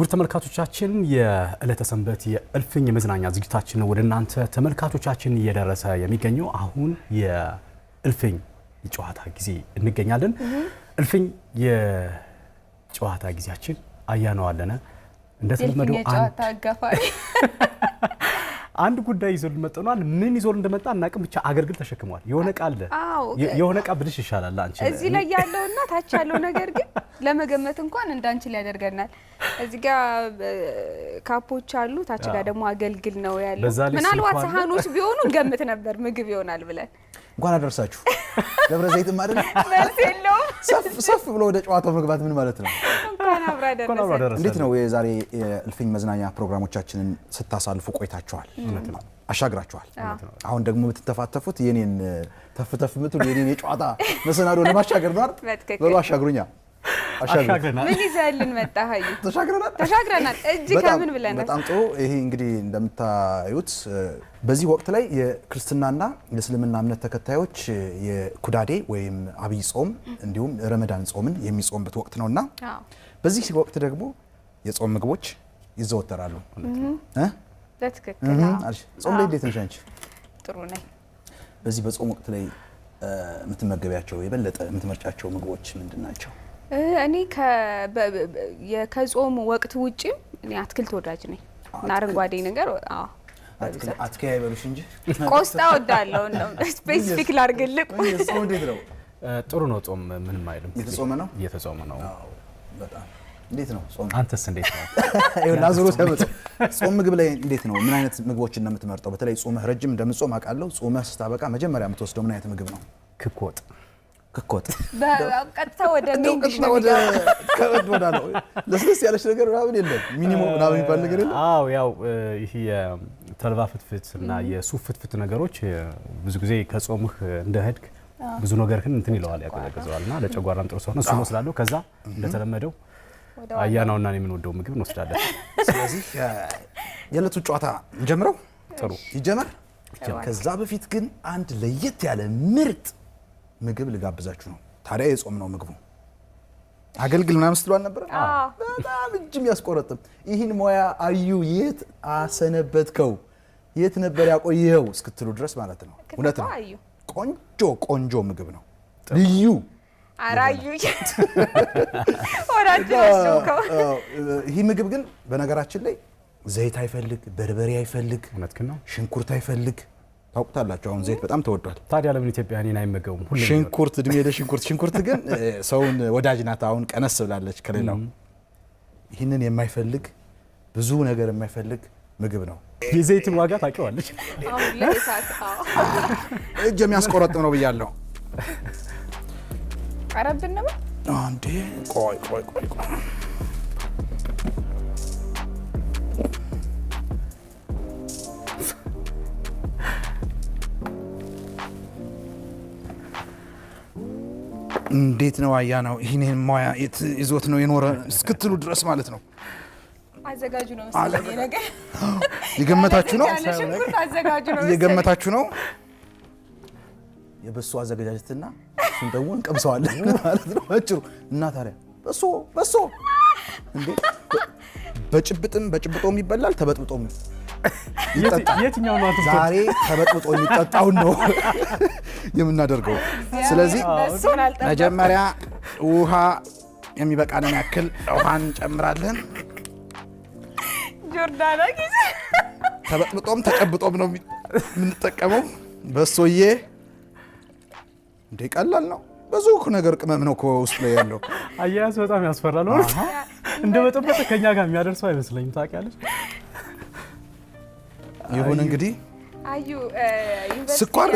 ውድ ተመልካቾቻችን የዕለተ ሰንበት የእልፍኝ የመዝናኛ ዝግጅታችን ወደ እናንተ ተመልካቾቻችን እየደረሰ የሚገኘው አሁን የእልፍኝ የጨዋታ ጊዜ እንገኛለን። እልፍኝ የጨዋታ ጊዜያችን አያነዋለነ እንደተለመደው አንድ ጉዳይ ይዞ ልመጠኗል። ምን ይዞ እንደመጣ እናቅም። ብቻ አገልግል ተሸክሟል። የሆነ ዕቃ አለ። የሆነ ዕቃ ብልሽ ይሻላል አንቺ። እዚህ ላይ ያለውና ታች ያለው ነገር ግን ለመገመት እንኳን እንዳንችል ያደርገናል። እዚህ ጋ ካፖች አሉ፣ ታች ጋ ደግሞ አገልግል ነው ያለው። ምናልባት ሳህኖች ቢሆኑ ገምት ነበር ምግብ ይሆናል ብለን። እንኳን አደረሳችሁ ደብረ ዘይትም አይደል? መልስ የለውም። ሰፍ ብሎ ወደ ጨዋታው መግባት ምን ማለት ነው? እንዴት ነው የዛሬ እልፍኝ መዝናኛ ፕሮግራሞቻችንን ስታሳልፉ ቆይታችኋል፣ አሻግራችኋል። አሁን ደግሞ የምትተፋተፉት የኔን ተፍተፍ ምትሉ የኔን የጨዋታ መሰናዶ ለማሻገር ነው በሉ አሻግሩኛ። ምን ይዘህልን ተሻግረናል ተሻግረናል። እጅ ከምን ብለናል። በጣም ጥሩ። ይሄ እንግዲህ እንደምታዩት በዚህ ወቅት ላይ የክርስትናና የእስልምና እምነት ተከታዮች የኩዳዴ ወይም አብይ ጾም እንዲሁም ረመዳን ጾምን የሚጾምበት ወቅት ነውና በዚህ ወቅት ደግሞ የጾም ምግቦች ይዘወተራሉ። ጾም ላይ እንዴት ነሽ አንቺ? ጥሩ ነኝ። በዚህ በጾም ወቅት ላይ የምትመገቢያቸው የበለጠ የምትመርጫቸው ምግቦች ምንድን ናቸው? እኔ ከጾም ወቅት ውጭም እኔ አትክልት ወዳጅ ነኝ እና አረንጓዴ ነገር አትክልት አይበሉሽ እንጂ ቆስጣ ወዳለው ስፔሲፊክ ላርግልቅ ጥሩ ነው። ጾም ምንም አይልም። እየተጾመ ነው፣ እየተጾመ ነው። በጣም እንዴት ነው ጾም? አንተስ እንዴት ነው? ይኸውና ዞሮ ሲያመጡ ጾም ምግብ ላይ እንዴት ነው? ምን አይነት ምግቦች እንደምትመርጠው በተለይ ጾምህ ረጅም እንደምጾም አውቃለሁ። ጾምህ ስታበቃ መጀመሪያ የምትወስደው ምን አይነት ምግብ ነው? ክክ ወጥ ክኮት ቀጥታ ለስለስ ያለች ነገር ምናምን የለም። ሚኒሞ ምናምን የሚባል ነገር የለም። ያው ይህ የተልባ ፍትፍት እና የሱፍ ፍትፍት ነገሮች ብዙ ጊዜ ከጾምህ እንደህድግ ብዙ ነገር ግን እንትን ይለዋል ያቀዘቅዘዋል፣ እና ለጨጓራም ጥሩ ስለሆነ እሱ ወስዳለሁ። ከዛ እንደተለመደው አያናውና የምንወደው ምግብ እንወስዳለን። ስለዚህ የዕለቱን ጨዋታ እንጀምረው። ጥሩ ይጀመር። ከዛ በፊት ግን አንድ ለየት ያለ ምርጥ ምግብ ልጋብዛችሁ ነው። ታዲያ የጾም ነው ምግቡ። አገልግል ምናምን ስትሉ አልነበረ? በጣም እጅ የሚያስቆረጥም ይህን ሙያ አዩ የት አሰነበትከው የት ነበር ያቆየኸው እስክትሉ ድረስ ማለት ነው። እውነት ነው። ቆንጆ ቆንጆ ምግብ ነው። ልዩ አራዩ ይህ ምግብ ግን በነገራችን ላይ ዘይት አይፈልግ፣ በርበሬ አይፈልግ፣ ሽንኩርት አይፈልግ ታውቁታላችሁ። አሁን ዘይት በጣም ተወዷል። ታዲያ ለምን ኢትዮጵያ እኔን አይመገቡም? ሽንኩርት እድሜ ለሽንኩርት ሽንኩርት ግን ሰውን ወዳጅ ናት። አሁን ቀነስ ብላለች ከሌላው። ይህንን የማይፈልግ ብዙ ነገር የማይፈልግ ምግብ ነው። የዘይትን ዋጋ ታውቂዋለች። እጅ የሚያስቆረጥም ነው ብያለሁ። አረብን ነው እንዴ? ቆይ ቆይ ቆይ እንዴት ነው አያ ነው ይህንን ሙያ ይዞት ነው የኖረ እስክትሉ ድረስ ማለት ነው። አዘጋጁ ነው የገመታችሁ ነው የገመታችሁ ነው። የበሶ አዘገጃጀትና እሱን ደግሞ እንቀምሰዋለን ማለት ነው አጭሩ። እና ታዲያ በሶ በሶ በጭብጥም በጭብጦም ይበላል ተበጥብጦም የትኛው ነው ዛሬ ተበጥብጦ የሚጠጣውን ነው የምናደርገው። ስለዚህ መጀመሪያ ውሃ የሚበቃንን ያክል ውሃ እንጨምራለን። ጆርዳና ተበጥብጦም ተጨብጦም ነው የምንጠቀመው። በሶዬ እንደ ቀላል ነው። ብዙ ነገር ቅመም ነው ውስጥ ላይ ያለው። አያያዝ በጣም ያስፈራል። እንደ በጠበጠ ከኛ ጋር የሚያደርሰው አይመስለኝም። ታውቂያለሽ ይሁን እንግዲህ ስኳር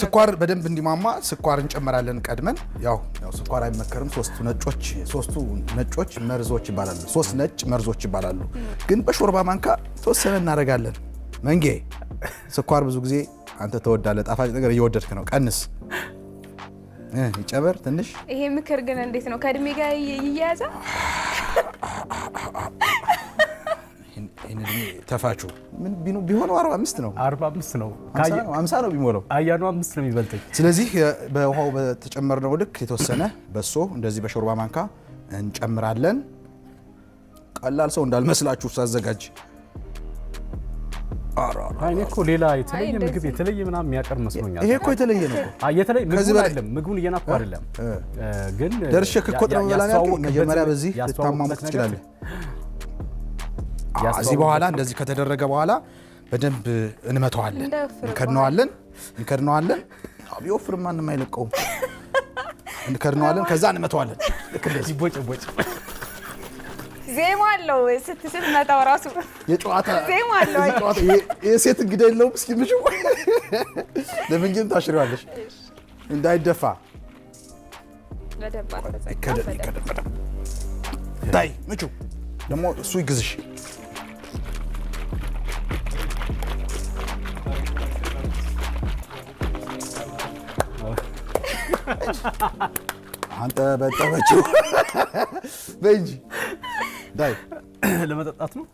ስኳር በደንብ እንዲሟሟ ስኳር እንጨምራለን። ቀድመን ያው ያው ስኳር አይመከርም። ሶስቱ ነጮች ሶስቱ ነጮች መርዞች ይባላሉ። ሶስት ነጭ መርዞች ይባላሉ። ግን በሾርባ ማንካ ተወሰነ እናደርጋለን። መንጌ ስኳር ብዙ ጊዜ አንተ ተወዳለ ጣፋጭ ነገር እየወደድክ ነው። ቀንስ፣ ይጨበር ትንሽ። ይሄ ምክር ግን እንዴት ነው ከእድሜ ጋር ይያያዛል? ተፋቹ ቢሆነው ነው ነው ነው ቢሞላው አያኑ ነው የሚበልጠኝ። ስለዚህ በውሃው በተጨመርነው ልክ የተወሰነ በሶ እንደዚህ በሾርባ ማንካ እንጨምራለን። ቀላል ሰው እንዳልመስላችሁ ሳዘጋጅ እኔ እኮ ሌላ የተለየ ምግብ የተለየ ምናምን የሚያቀርብ መስሎኛል። ይሄ እኮ የተለየ ነው። የተለየ አይደለም። ምግቡን እየናኩ አይደለም ግን ደርሼ ነው መጀመሪያ በዚህ ትችላለህ። እዚህ በኋላ እንደዚህ ከተደረገ በኋላ በደንብ እንመተዋለን፣ እንከድነዋለን፣ እንከድነዋለን። ቢወፍርማ እንማይለቀውም እንከድነዋለን፣ ከዛ እንመተዋለን። ልክ እንደዚህ ቦጭ ቦጭ ዜማ አለው ራሱ የጨዋታ ዜማ አለው። የሴት እንግዳ የለውም። እስኪ ታሽሪዋለሽ? እንዳይደፋ ምቹ ደግሞ እሱ ይግዝሽ አንጠበጠበችው። በይ እንጂ ዳይ ለመጠጣት ነው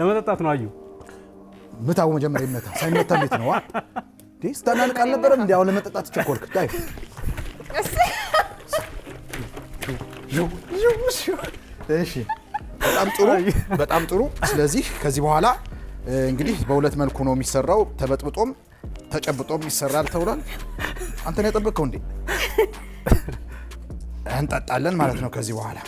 ለመጠጣት ነው። አዩ ምታው መጀመሪያ ይመታ። ሳይመታ እንዴት ነው? ዴ ስታናንቅ አልነበረም እንዲ? አሁን ለመጠጣት ቸኮልክ። ዳይ እሺ፣ በጣም ጥሩ፣ በጣም ጥሩ። ስለዚህ ከዚህ በኋላ እንግዲህ በሁለት መልኩ ነው የሚሰራው፣ ተበጥብጦም ተጨብጦም ይሰራል ተብሏል። አንተን ያጠበቅከው እንዴ? እንጠጣለን ማለት ነው ከዚህ በኋላ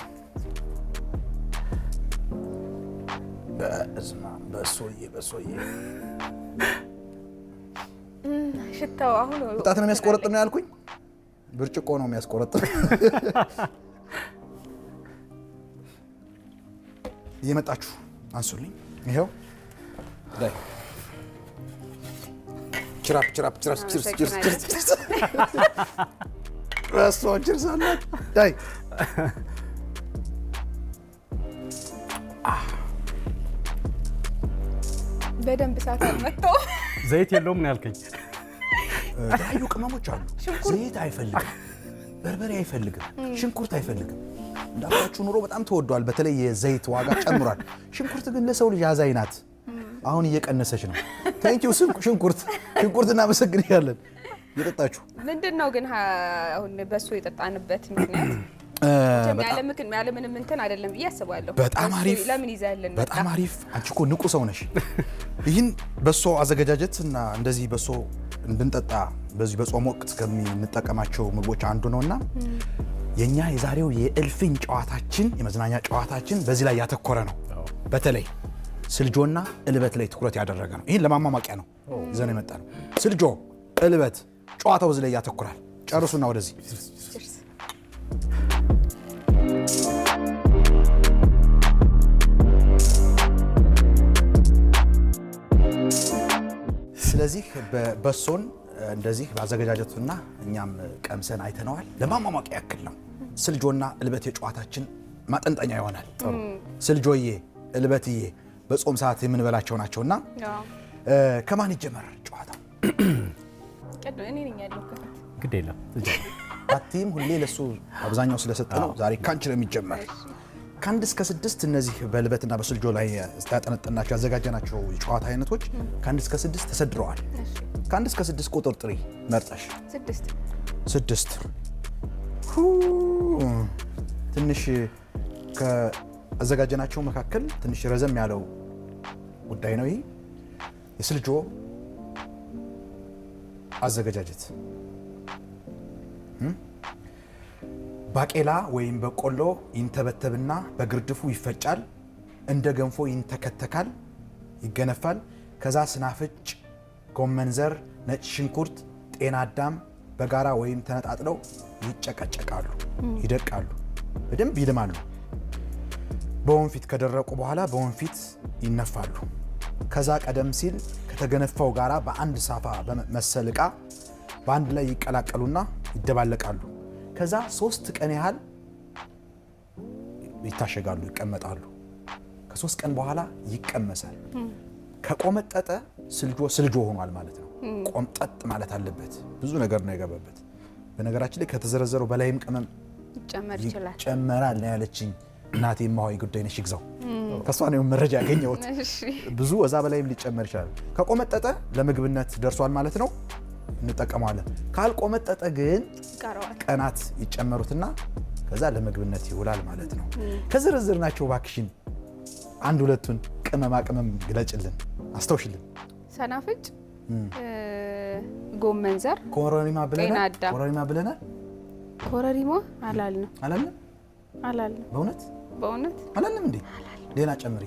ሽታው አሁን ጣት ነው የሚያስቆረጥ ነው ያልኩኝ። ብርጭቆ ነው የሚያስቆረጥ። እየመጣችሁ አንሱልኝ። ይኸው ችራፕ ችራፕ ችራፕ ችርስ ችርስ ችርስ ችርስ ራሷ ችርስ አላት። ዳይ በደንብ እሳት አልመጣው። ዘይት የለውም ነው ያልከኝ። የተለያዩ ቅመሞች አሉ። ዘይት አይፈልግም፣ በርበሬ አይፈልግም፣ ሽንኩርት አይፈልግም። እንዳልኳችሁ ኑሮ በጣም ተወዷል። በተለይ የዘይት ዋጋ ጨምሯል። ሽንኩርት ግን ለሰው ልጅ አዛኝ ናት። አሁን እየቀነሰች ነው። ታንኪው ሽንኩርት ሽንኩርት እናመሰግናለን። የጠጣችሁ ምንድን ነው ግን አሁን በእሱ የጠጣንበት ምክንያት ያለ እንትን አይደለም ብዬ አስባለሁ። በጣም አሪፍ ለምን ይዘህልን? በጣም አሪፍ አንቺ እኮ ንቁ ሰው ነሽ። ይህን በሶ አዘገጃጀት እና እንደዚህ በሶ እንድንጠጣ በዚህ በጾም ወቅት ከምንጠቀማቸው ምግቦች አንዱ ነውና የእኛ የዛሬው የእልፍኝ ጨዋታችን የመዝናኛ ጨዋታችን በዚህ ላይ ያተኮረ ነው በተለይ ስልጆና እልበት ላይ ትኩረት ያደረገ ነው። ይህን ለማሟሟቂያ ነው ዘን የመጣ ነው። ስልጆ፣ እልበት ጨዋታው ላይ ያተኩራል። ጨርሱና ወደዚህ ስለዚህ በሶን እንደዚህ በአዘገጃጀቱና እኛም ቀምሰን አይተነዋል። ለማሟሟቂያ ያክል ነው። ስልጆና እልበት የጨዋታችን ማጠንጠኛ ይሆናል። ስልጆዬ እልበትዬ በጾም ሰዓት የምንበላቸው ናቸው እና ከማን ይጀመር ጨዋታው? ግድ የለም አቲም ሁሌ ለሱ አብዛኛው ስለሰጠ ነው። ዛሬ ካንቺ ነው የሚጀመር። ከአንድ እስከ ስድስት እነዚህ በልበትና በስልጆ ላይ ያጠነጠናቸው ያዘጋጀናቸው የጨዋታ አይነቶች ከአንድ እስከ ስድስት ተሰድረዋል። ከአንድ እስከ ስድስት ቁጥር ጥሪ መርጠሽ ስድስት ትንሽ አዘጋጀናቸው መካከል ትንሽ ረዘም ያለው ጉዳይ ነው። ይህ የስልጆ አዘገጃጀት ባቄላ ወይም በቆሎ ይንተበተብና በግርድፉ ይፈጫል። እንደ ገንፎ ይንተከተካል፣ ይገነፋል። ከዛ ስናፍጭ፣ ጎመን ዘር፣ ነጭ ሽንኩርት፣ ጤና አዳም በጋራ ወይም ተነጣጥለው ይጨቀጨቃሉ፣ ይደቃሉ፣ በደንብ ይልማሉ። በወንፊት ከደረቁ በኋላ በወንፊት ይነፋሉ። ከዛ ቀደም ሲል ከተገነፋው ጋራ በአንድ ሳፋ መሰል እቃ በአንድ ላይ ይቀላቀሉና ይደባለቃሉ። ከዛ ሶስት ቀን ያህል ይታሸጋሉ፣ ይቀመጣሉ። ከሶስት ቀን በኋላ ይቀመሳል። ከቆመጠጠ ስልጆ ስልጆ ሆኗል ማለት ነው። ቆምጠጥ ማለት አለበት። ብዙ ነገር ነው የገባበት። በነገራችን ላይ ከተዘረዘረው በላይም ቅመም ይጨመራል ያለችኝ እናቴ የማዋይ ጉዳይ ነሽ ይግዛው ከእሷ ነው መረጃ ያገኘሁት። ብዙ እዛ በላይም ሊጨመር ይችላል። ከቆመጠጠ ለምግብነት ደርሷል ማለት ነው፣ እንጠቀመዋለን። ካልቆመጠጠ ግን ቀናት ይጨመሩትና ከዛ ለምግብነት ይውላል ማለት ነው። ከዝርዝር ናቸው ባክሽን አንድ ሁለቱን ቅመማ ቅመም ግለጭልን፣ አስታውሽልን። ሰናፍጭ፣ ጎመን ዘር፣ ኮረሪማ ብለናል። ኮረሪማ አላልንም አላልንም አላልንም በእውነት በእውነት አላለም እንዴ? ሌላ ጨምሪ።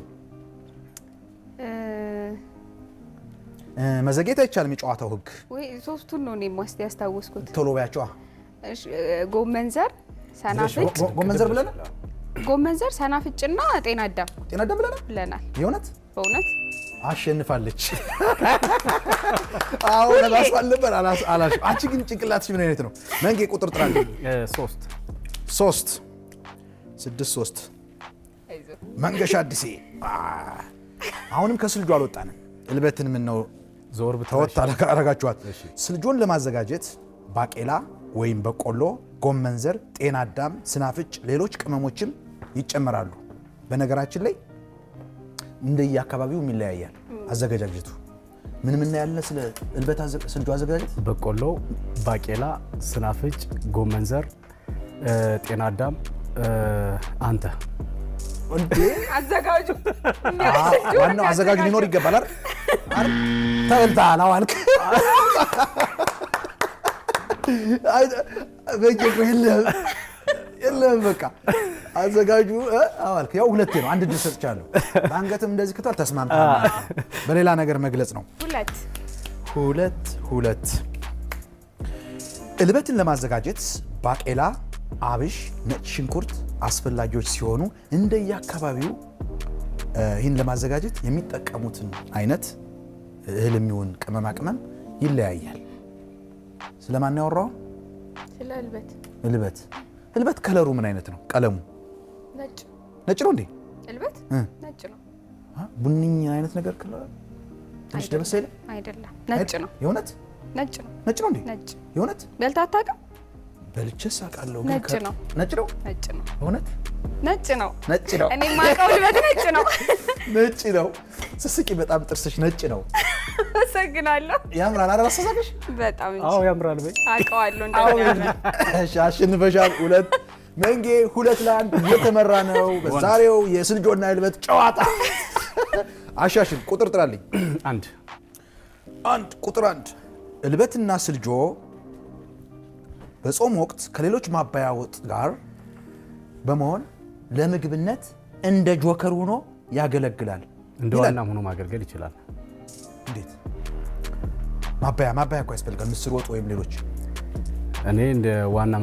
መዘግየት አይቻልም። የጨዋታው ህግ ወይ ሶስቱን ነው እኔ ማስቲ ያስታወስኩት። ቶሎ ባያቸዋ ጎመንዘር፣ ሰናፍጭ፣ ጎመንዘር ብለናል። ጎመንዘር፣ ሰናፍጭና ጤና አዳም ጤና አዳም ብለናል ብለናል። የእውነት በእውነት አሸንፋለች። አሁን አላስፋልበር አላሽ። አንቺ ግን ጭንቅላትሽ ምን አይነት ነው? መንጌ ቁጥር ጥራለች። ሶስት ሶስት ስድስት ሶስት መንገሻ አዲሴ አሁንም ከስልጁ አልወጣንም። እልበትን ምን ነው ዞር ተወት አረጋችኋት። ስልጁን ለማዘጋጀት ባቄላ ወይም በቆሎ፣ ጎመን ዘር፣ ጤና አዳም፣ ስናፍጭ፣ ሌሎች ቅመሞችም ይጨመራሉ። በነገራችን ላይ እንደየአካባቢው የሚለያያል አዘገጃጀቱ። ምን ምን ያለ ስለ እልበት ስልጁ አዘገጃጀት በቆሎ፣ ባቄላ፣ ስናፍጭ፣ ጎመን ዘር፣ ጤና አዳም አንተ ዋናው አዘጋጅ ሊኖር ይገባል። ተበልተሃል አዋልክ የለም በቃ አዘጋጁ አዋልክ። ያው ሁለቴ ነው፣ አንድ እድል ሰጥቻለሁ። በአንገትም እንደዚህ ክቷል። ተስማምታ በሌላ ነገር መግለጽ ነው። ሁለት ሁለት እልበትን ለማዘጋጀት ባቄላ፣ አብሽ፣ ነጭ ሽንኩርት አስፈላጊዎች ሲሆኑ እንደየአካባቢው ይህን ለማዘጋጀት የሚጠቀሙትን አይነት እህል የሚሆን ቅመማ ቅመም ይለያያል። ስለማን ያወራው? ስለ እልበት። እልበት እልበት ከለሩ ምን አይነት ነው? ቀለሙ ነጭ ነጭ ነው እንዴ? እልበት ነጭ ነው። ቡኒኝ አይነት ነገር ከለሩ ትንሽ ደበሰ አይደለም። ነጭ ነው የእውነት ነጭ ነው ነጭ ነው እንዴ? ነጭ የእውነት በልተህ አታውቅም? በልቼስ አውቃለሁ። ነጭ ነው ነጭ ነው ነጭ ነው እውነት ነጭ ነው ነጭ ነው። እኔ የማውቀው ልበት ነጭ ነው ነጭ ነው። ስስቂ በጣም ጥርስሽ ነጭ ነው። አመሰግናለሁ። ያምራል አይደል? አስተሳሰብሽ በጣም እንጂ። አዎ ያምራል። በይ አውቀዋለሁ። እንደገና እሺ፣ አሸንፈሻል። ሁለት መንጌ ሁለት ለአንድ እየተመራ ነው በዛሬው የስልጆና ልበት ጨዋታ። አሻሽን ቁጥር ጥራልኝ። አንድ አንድ ቁጥር አንድ ልበትና ስልጆ በጾም ወቅት ከሌሎች ማባያ ወጥ ጋር በመሆን ለምግብነት እንደ ጆከር ሆኖ ያገለግላል። እንደ ዋናም ሆኖ ማገልገል ይችላል። እንዴት? ማባያ ማባያ እኮ ያስፈልጋል። ምስር ወጥ ወይም ሌሎች እኔ እንደ ዋና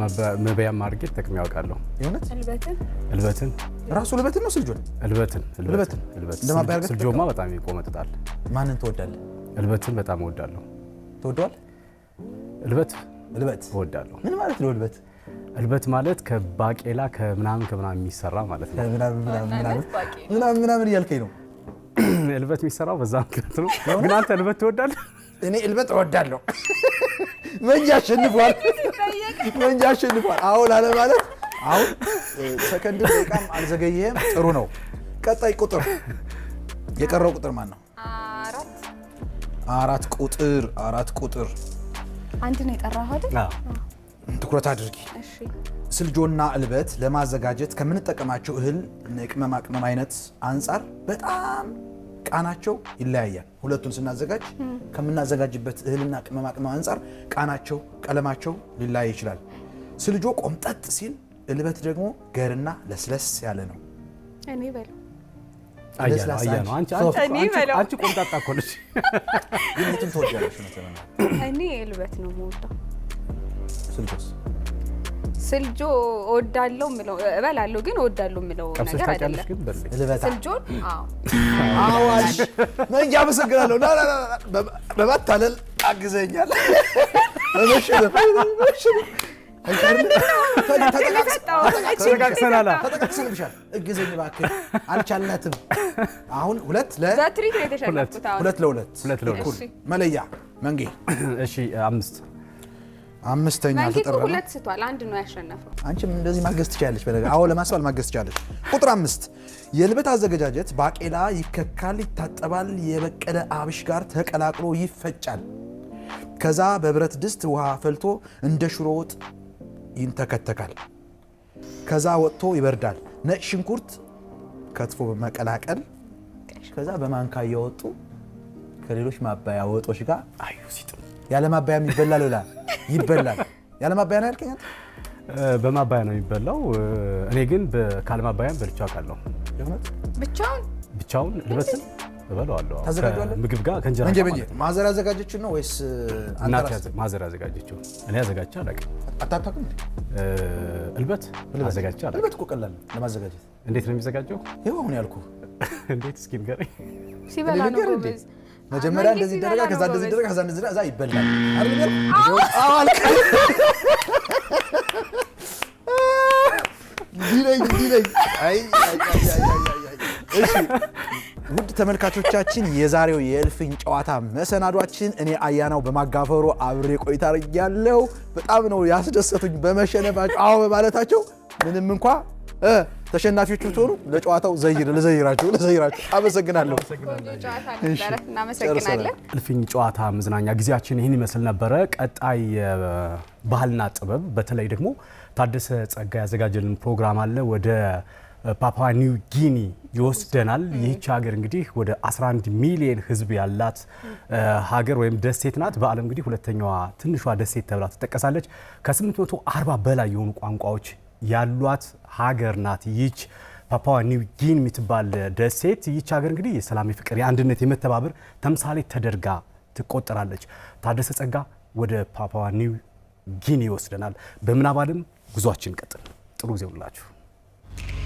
መበያ ማርጌት ጥቅም ያውቃለሁ። የእውነት እልበትን ራሱ እልበትን ነው ስልጆን እልበትን እልበትን እልበትን ስልጆማ በጣም ይቆመጥጣል። ማንን ትወዳለህ? እልበትን በጣም እወዳለሁ። ትወደዋል እልበት እልበት እወዳለሁ። ምን ማለት ነው እልበት? እልበት ማለት ከባቄላ ከምናምን ከምናምን የሚሰራ ማለት ነው። ምናምን ምናምን እያልከኝ ነው። እልበት የሚሰራው በዛ ምክንያት ነው። ግን አንተ እልበት ትወዳለህ? እኔ እልበት እወዳለሁ። መንጃ አሸንፏል፣ መንጃ አሸንፏል። ማለት አሁን ሰከንድ ደቂቃም አልዘገየህም። ጥሩ ነው። ቀጣይ ቁጥር የቀረው ቁጥር ማን ነው? አራት ቁጥር አራት ቁጥር አንድ ነው የጠራሁት። ትኩረት አድርጊ። ስልጆና እልበት ለማዘጋጀት ከምንጠቀማቸው እህል ቅመማ ቅመም አይነት አንጻር በጣም ቃናቸው ይለያያል። ሁለቱን ስናዘጋጅ ከምናዘጋጅበት እህልና ቅመማ ቅመም አንጻር ቃናቸው፣ ቀለማቸው ሊለያይ ይችላል። ስልጆ ቆምጠጥ ሲል፣ እልበት ደግሞ ገርና ለስለስ ያለ ነው። አንቺ ቆምጣጣ እኮ ነሽ። የቱን ትወዳለሽ? እኔ ልበት ነው የምወዳው። ስልጆስ ስልጆ እወዳለሁ የምለው እበላለሁ፣ ግን እወዳለሁ የምለው ነገር አይደለም። ስልጆን አዋሽ መንጃ አመሰግናለሁ። በማታለል አግዘኛል። ተጠቃቅሰናላ ተጠቃቅሰንብሻል። እግዘኝ እባክህ አልቻልናትም። አሁን ሁለት ሁለት ለሁለት መለያ መንጌ እሺ፣ አምስት አምስተኛ ተጠራ። ሁለት ስቷል፣ አንድ ነው ያሸነፈው። አንቺም እንደዚህ ማገዝ ትችላለች። በነገር አዎ፣ ለማስባል ማገዝ ትችላለች። ቁጥር አምስት የልበት አዘገጃጀት ባቄላ ይከካል፣ ይታጠባል፣ የበቀለ አብሽ ጋር ተቀላቅሎ ይፈጫል። ከዛ በብረት ድስት ውሃ ፈልቶ እንደ ሽሮ ወጥ ይንተከተካል። ከዛ ወጥቶ ይበርዳል። ነጭ ሽንኩርት ከትፎ በመቀላቀል ከዛ በማንካ እያወጡ ከሌሎች ማባያ ወጦች ጋር አዩ ሲጥ ያለ ማባያ ይበላል። ላ ይበላል። ያለ ማባያ ነው ያልከኝ? በማባያ ነው የሚበላው። እኔ ግን ካለማባያም በልቻ አውቃለሁ። ብቻውን ብቻውን ልበስል እበለዋለሁ ምግብ ጋር ከእንጀራ ማዘር ያዘጋጀችው ነው ወይስ እናት ማዘር ያዘጋጀችው? እኔ አዘጋጅቼ አላውቅም። አታውቅም? እልበት አዘጋጅቼ አላውቅም። እልበት እኮ ቀላል ነው ለማዘጋጀት። እንዴት ነው የሚዘጋጀው? ይኸው አሁን ያልኩህ። እንዴት እስኪ ንገረኝ። ሲበላ ነው መጀመሪያ እንደዚህ ይደረጋል፣ ከዛ እንደዚህ ይደረጋል፣ ከዛ እንደዚህ ይደረጋል፣ ከዛ ይበላል። አይ ውድ ተመልካቾቻችን የዛሬው የእልፍኝ ጨዋታ መሰናዷችን እኔ አያናው በማጋፈሩ አብሬ ቆይታ ያለው በጣም ነው ያስደሰቱኝ በመሸነፋቸው አዎ በማለታቸው ምንም እንኳ ተሸናፊዎች ብትሆኑ ለጨዋታው ዘይር ለዘይራችሁ ለዘይራችሁ አመሰግናለሁ። እልፍኝ ጨዋታ መዝናኛ ጊዜያችን ይህን ይመስል ነበረ። ቀጣይ ባህልና ጥበብ በተለይ ደግሞ ታደሰ ጸጋ ያዘጋጀልን ፕሮግራም አለ ወደ ፓፓ ኒው ጊኒ ይወስደናል። ይህች ሀገር እንግዲህ ወደ 11 ሚሊዮን ህዝብ ያላት ሀገር ወይም ደሴት ናት። በዓለም እንግዲህ ሁለተኛዋ ትንሿ ደሴት ተብላ ትጠቀሳለች። ከ840 በላይ የሆኑ ቋንቋዎች ያሏት ሀገር ናት ይች ፓፓዋ ኒው ጊኒ የምትባል ደሴት። ይች ሀገር እንግዲህ የሰላም፣ የፍቅር፣ የአንድነት፣ የመተባበር ተምሳሌ ተደርጋ ትቆጠራለች። ታደሰ ጸጋ ወደ ፓፓዋ ኒው ጊኒ ይወስደናል። በምናባልም ጉዟችን ቀጥል። ጥሩ ጊዜ ሁላችሁ